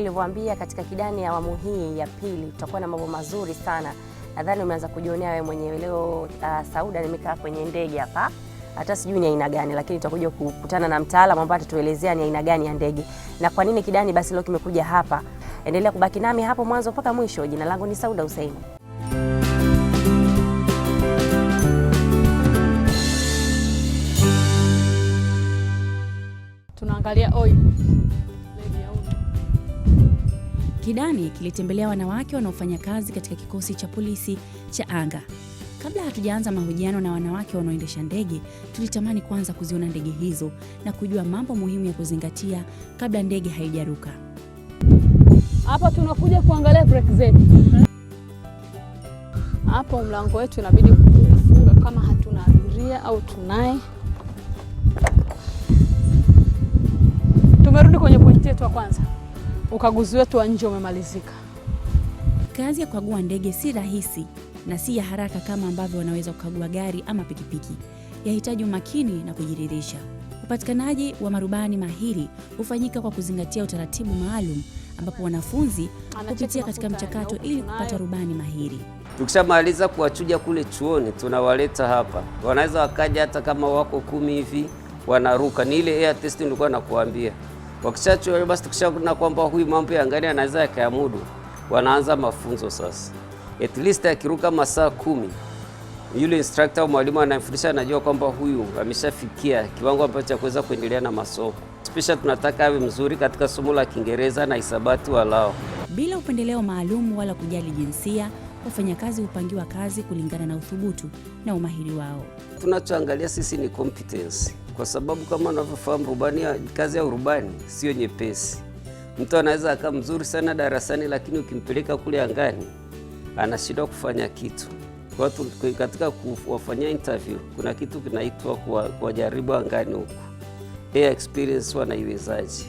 nilivyoambia katika Kidani ya awamu hii ya pili tutakuwa na mambo mazuri sana. Nadhani umeanza kujionea wewe mwenyewe leo. Uh, Sauda nimekaa kwenye ndege hapa, hata sijui ni aina gani, lakini tutakuja kukutana na mtaalamu ambaye atatuelezea ni aina gani ya ndege na kwa nini Kidani basi leo kimekuja hapa. Endelea kubaki nami hapo mwanzo mpaka mwisho. Jina langu ni Sauda Hussein. Tunaangalia oil Kidani kilitembelea wanawake wanaofanya kazi katika kikosi cha polisi cha anga. Kabla hatujaanza mahojiano na wanawake wanaoendesha ndege, tulitamani kwanza kuziona ndege hizo na kujua mambo muhimu ya kuzingatia kabla ndege haijaruka. Hapa tunakuja kuangalia breki zetu. Hapo mlango wetu inabidi kufunga kama hatuna abiria au tunaye. Tumerudi kwenye pointi yetu ya kwanza. Ukaguzi wetu wa nje umemalizika. Kazi ya kukagua ndege si rahisi na si ya haraka kama ambavyo wanaweza kukagua gari ama pikipiki. Yahitaji umakini na kujiridhisha. Upatikanaji wa marubani mahiri hufanyika kwa kuzingatia utaratibu maalum ambapo wanafunzi hupitia katika mchakato ili kupata rubani mahiri. Tukishamaliza kuwachuja kule chuoni, tunawaleta hapa. Wanaweza wakaja hata kama wako kumi hivi, wanaruka. Ni ile air test nilikuwa nakuambia. Wakishachoa basi, tukishaona kwamba huyu mambo ya angalia anaweza akayamudu, wanaanza mafunzo sasa. At least akiruka masaa kumi, yule instructor au mwalimu anayemfundisha anajua kwamba huyu ameshafikia kiwango ambacho cha kuweza kuendelea na masomo. Special tunataka awe mzuri katika somo la Kiingereza na hisabati walao, bila upendeleo maalum wala kujali jinsia. Wafanyakazi hupangiwa kazi kulingana na uthubutu na umahiri wao. Tunachoangalia sisi ni competence kwa sababu kama unavyofahamu rubani, kazi ya urubani sio nyepesi. Mtu anaweza akaa mzuri sana darasani, lakini ukimpeleka kule angani anashindwa kufanya kitu. Watu katika kuwafanyia interview kuna kitu kinaitwa kuwajaribu angani huku, air experience wanaiwezaje?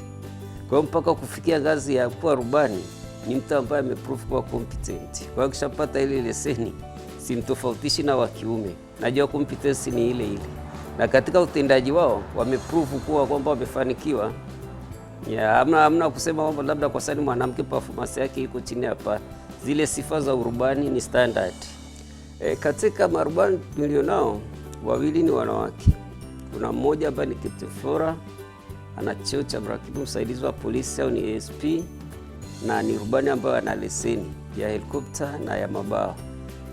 Kwa hiyo mpaka kufikia ngazi ya kuwa rubani ni mtu ambaye ameprove kuwa competent. Kwa hiyo kishapata ile leseni simtofautishi na wa kiume, najua competency ni ile ile na katika utendaji wao wameprove kuwa kwamba wamefanikiwa. Hamna hamna kusema kwamba labda kwa sani mwanamke performance yake iko chini. Hapa zile sifa za urubani ni standard. E, katika marubani tulionao wawili ni wanawake. Kuna mmoja ambaye ni Captain Flora ana cheo cha mrakibu msaidizi wa polisi au ni ASP na ni rubani ambayo ana leseni ya helikopta na ya mabao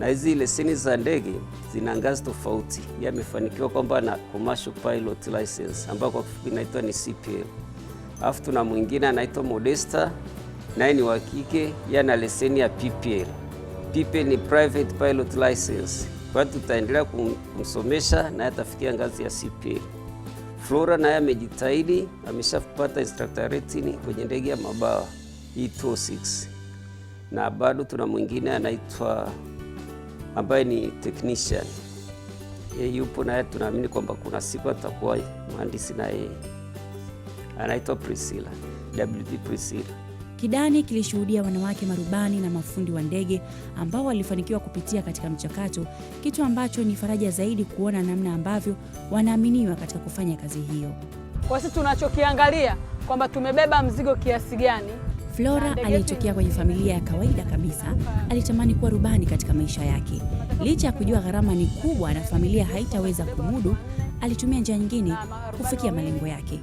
na hizi leseni za ndege zina ngazi tofauti. Yeye amefanikiwa kwamba na commercial pilot license ambayo kwa kifupi inaitwa ni CPL. Alafu tuna mwingine anaitwa Modesta, naye ni wa kike, yeye ana leseni ya PPL. PPL ni private pilot license. Kwa hiyo tutaendelea kumsomesha naye atafikia ngazi ya CPL. Flora naye amejitahidi, ameshapata instructor rating kwenye ndege ya mabawa E206, na bado tuna mwingine anaitwa ambaye ni technician. ye yupo naye, tunaamini kwamba kuna siku atakuwa mhandisi na yeye. Anaitwa Priscilla, WP Priscilla. Kidani kilishuhudia wanawake marubani na mafundi wa ndege ambao walifanikiwa kupitia katika mchakato, kitu ambacho ni faraja zaidi kuona namna ambavyo wanaaminiwa katika kufanya kazi hiyo. Kwa sisi tunachokiangalia kwamba tumebeba mzigo kiasi gani Flora aliyetokea kwenye familia ya kawaida kabisa alitamani kuwa rubani katika maisha yake. Licha ya kujua gharama ni kubwa na familia haitaweza kumudu, alitumia njia nyingine kufikia malengo yake.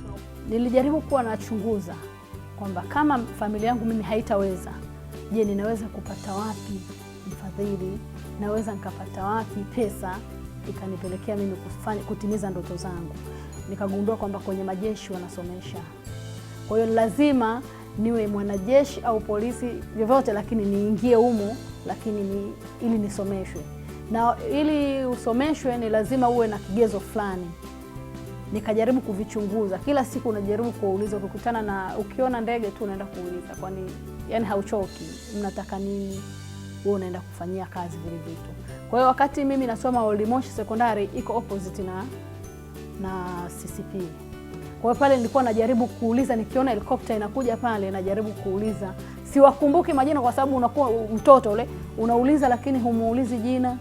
Nilijaribu kuwa nachunguza kwamba kama familia yangu mimi haitaweza, je, ninaweza kupata wapi mfadhili? Naweza nikapata wapi pesa ikanipelekea mimi kufanya kutimiza ndoto zangu? Nikagundua kwamba kwenye majeshi wanasomesha, kwa hiyo lazima niwe mwanajeshi au polisi vyovyote, lakini niingie humo, lakini ni, ili nisomeshwe. Na ili usomeshwe ni lazima uwe na kigezo fulani. Nikajaribu kuvichunguza kila siku, unajaribu kuwauliza, ukikutana na ukiona ndege tu unaenda kuuliza, kwani yani hauchoki, mnataka nini? Wewe unaenda kufanyia kazi vile vitu. Kwa hiyo wakati mimi nasoma Olimoshi Sekondari iko opposite na na CCP. Kwa hiyo pale nilikuwa najaribu kuuliza, nikiona helikopta inakuja pale najaribu kuuliza. Siwakumbuki majina kwa sababu unakuwa mtoto ule, unauliza lakini humuulizi jina.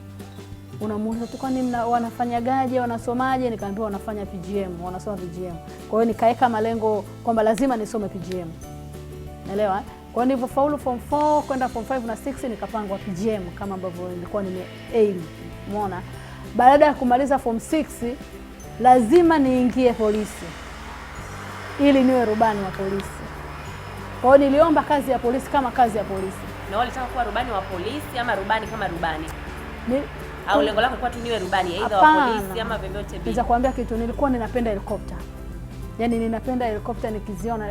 Unamuuliza tu kwani wanafanyagaje, wanasomaje? Nikaambiwa wanafanya PGM, wanasoma PGM. Kwa hiyo nikaweka malengo kwamba lazima nisome PGM. Naelewa? Eh? Kwa hiyo nilivyofaulu form 4 kwenda form 5 na 6 nikapangwa PGM kama ambavyo nilikuwa nime aim. Umeona? Baada ya kumaliza form 6 lazima niingie polisi ili niwe rubani wa polisi. Kwa hiyo niliomba kazi ya polisi kama kazi ya polisi. Na wao walitaka kuwa rubani wa polisi ama rubani kama rubani? Ni au lengo lako kwa tu niwe rubani aidha wa polisi ama vyovyote vile? Niza kuambia kitu, nilikuwa ninapenda helikopta. Yaani ninapenda helikopta nikiziona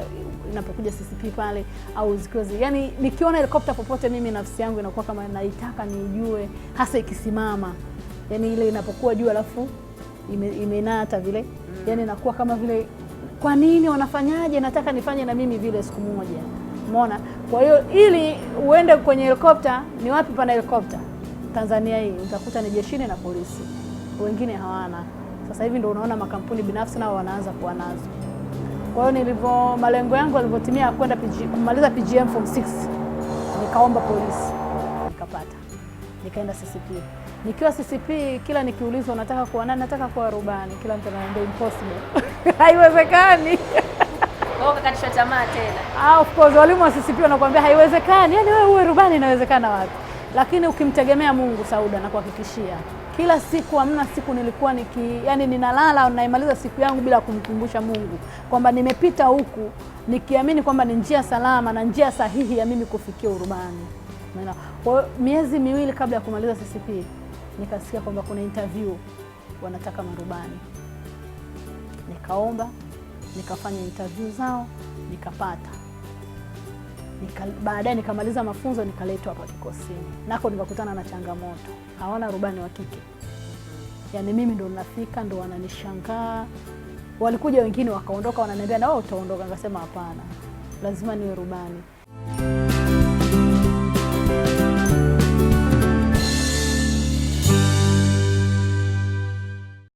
inapokuja CCP pale au zikiwa yaani nikiona helikopta popote mimi nafsi yangu inakuwa kama naitaka nijue hasa ikisimama. Yaani ile inapokuwa juu alafu imenata ime vile. Mm. Yaani inakuwa kama vile kwa nini wanafanyaje, nataka nifanye na mimi vile siku moja. Umeona? Kwa hiyo ili uende kwenye helikopta, ni wapi pana helikopta Tanzania hii? Utakuta ni jeshini na polisi, wengine hawana. Sasa hivi ndio unaona makampuni binafsi nao wanaanza kuwa nazo. Kwa hiyo nilivyo, malengo yangu alivyotimia kwenda PG, kumaliza PGM form 6 nikaomba polisi nikapata nikaenda CCP. Nikiwa CCP kila nikiulizwa nataka kuwa nani, nataka kuwa rubani, kila mtu ananiambia impossible, haiwezekani. Ukakatishwa tamaa tena? Ah, of course walimu wa CCP wanakuambia haiwezekani, yaani wewe uwe rubani inawezekana wapi? Lakini ukimtegemea Mungu, Sauda, nakuhakikishia kila siku, hamna siku nilikuwa niki, yani ninalala naimaliza siku yangu bila kumkumbusha Mungu kwamba nimepita huku, nikiamini kwamba ni njia salama na njia sahihi ya mimi kufikia urubani. Kwa hiyo miezi miwili kabla ya kumaliza CCP nikasikia kwamba kuna interview wanataka marubani, nikaomba, nikafanya interview zao, nikapata nika, baadaye nikamaliza mafunzo nikaletwa hapa kikosini, nako nikakutana na changamoto, hawana rubani wa kike. Yani mimi ndo nafika ndo wananishangaa, walikuja wengine wakaondoka, wananiambia na wewe utaondoka, nikasema hapana, lazima niwe rubani.